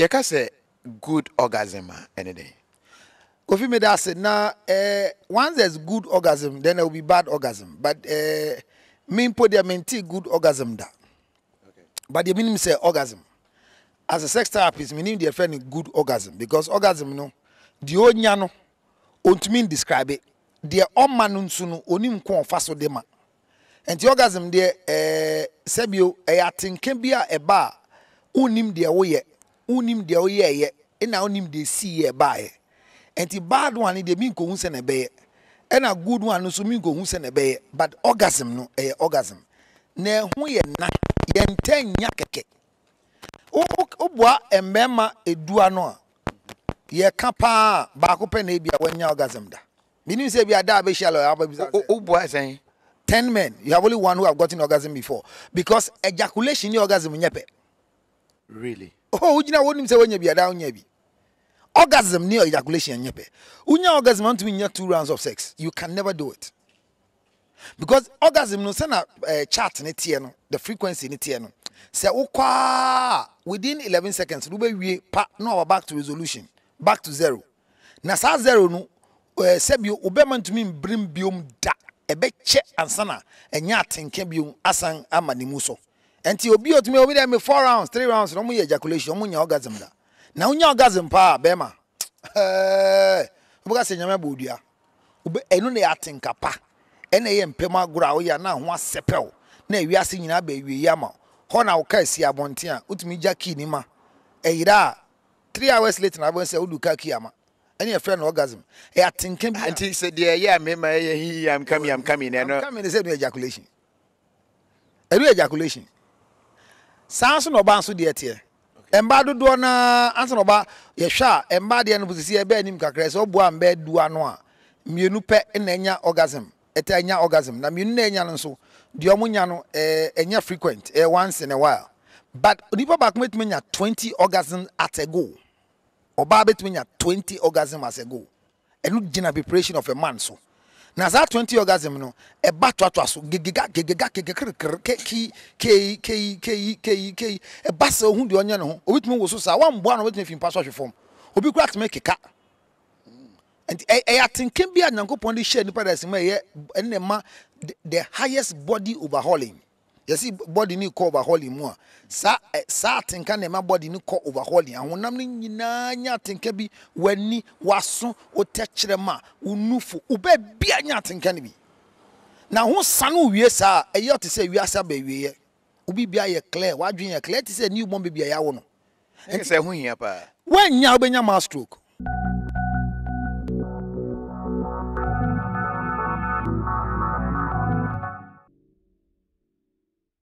yɛka sɛ good orgasm a ɛne dɛn kofi mede ase na eh, once there's good orgasm then there will be bad orgasm but eh, me mpo deɛ mente good orgasm da but deɛ menim sɛ orgasm as a sex therapist menim deɛ frɛ no good orgasm because orgasm no deɛ ɔnya no ɔntumi describe it deɛ ɔma no nso no ɔnim nko ɔfa so de ma nti orgasm deɛ eh, sɛbio ɛyɛ eh, atenka bi a ɛba a wonnim deɛ woyɛ wonim deɛ woyɛɛyɛ ɛna wonim deɛ siiɛ baeɛ nti bad one deɛ menkɔhu sɛ na ɛbɛyɛ ɛna good one nso menkɔhu sɛ na ɛbɛyɛ but orgasm no ɛyɛ orgasm na ɛho yɛ na yɛntɛ nya kɛkɛ woboa mmarima edua no a yɛka paa baako pɛ na ebi a wɔnya orgasm da menim sɛ bi a da a bɛhyia lɔ ababisa woboa ten men you have only one who have gotten orgasm before because ejaculation ni orgasm nyɛ pɛ really oh wogyina wonim sɛ woanya bi adaa wonya bi orgasm ne ejaculation nyɛ pɛ wonya orgasm antumi nya two rounds of sex you can never do it because orgasm no sɛna uh, eh, chart ne teɛ no the frequency ne teɛ no sɛ wokɔ within 11 seconds no wobɛwie pa na ɔba back to resolution back to zero na saa zero no uh, eh, sɛbio wobɛma ntumi mbrem biom da ɛbɛkyɛ ansana ɛnyɛ atenka biom asan ama ne mu so nti obi otumi obi dɛ me four rounds three rounds na ɔmo yɛ ejaculation ɔmo nya orgasm da na ɔnya orgasm paa bɛrima ɛɛɛ ɔbɛka sɛ nyame bɔ odua ɔbɛ ɛnu na yɛ atenka pa ɛna yɛ mpɛm agorɔ a ɔyɛ na ho asɛpɛw na ewi ewiase nyinaa bɛ ewie yama hɔ na ɔka esi abɔnten a otumi gya kii ne ma ɛyira eh, a three hours later na abɛn sɛ ɔdu ka kii ama ɛne yɛfrɛ no orgasm ɛyɛ atenka bi. nti sɛ deɛ ɛyɛ a mɛma ɛyɛ hihi am kami am kami na ɛno am kami ɛnu ejaculation eh, ejaculation. saa nso na ɔbaa nso deɛ teɛ mmaa dodoɔ naa ansa na ɔbaa yɛhwɛ a mmaa deɛ no sisi ɛbɛɛ anim kakra sɛ ɔboa mbɛɛ dua no a mmienu pɛ na ɛnya orgasm ɛtɛ ɛnya orgasm na mmienu na ɛnya no nso deɛ ɔmo nya no ɛɛ ɛnya frequent ɛɛ once in a while but nipa baako bɛtumi nya twenty orgasm at a go ɔbaa bɛtumi nya twenty orgasm at a go ɛnu gyina preparation of a man so. na saa 20 orgasm no ɛba toatoa so gegega gegega kekekrekere keki kei kei kei kei kei ɛba sɛ ohu deɛ ɔnyɛ ne ho obitumi wo so saa wamboa no obitumi fi mpa so ahwe fam obi kura tumi keka nti ɛyɛ atenke bi a nyankopɔn de hyɛ nipa da asi mu ɛyɛ ɛne ma the highest body overhauling yɛsi bɔdi ni kɔ overhauling mu a saa ɛ saa atenka na ɛma bɔdi ni kɔ overhauling ahonam no nyinaa nye atenka bi w'ani w'aso w'otɛkyerɛma w'nufo w'obɛ bia nye atenka no bi na ho san wie saa ɛyɛ ɔte sɛ wiase aba wie yɛ obi bia yɛ clear wadwi yɛ clear te sɛ new born baby a yɛawo no. ɛnti sɛ ɛho hia paa. w'anya w'obɛnya ma stroke.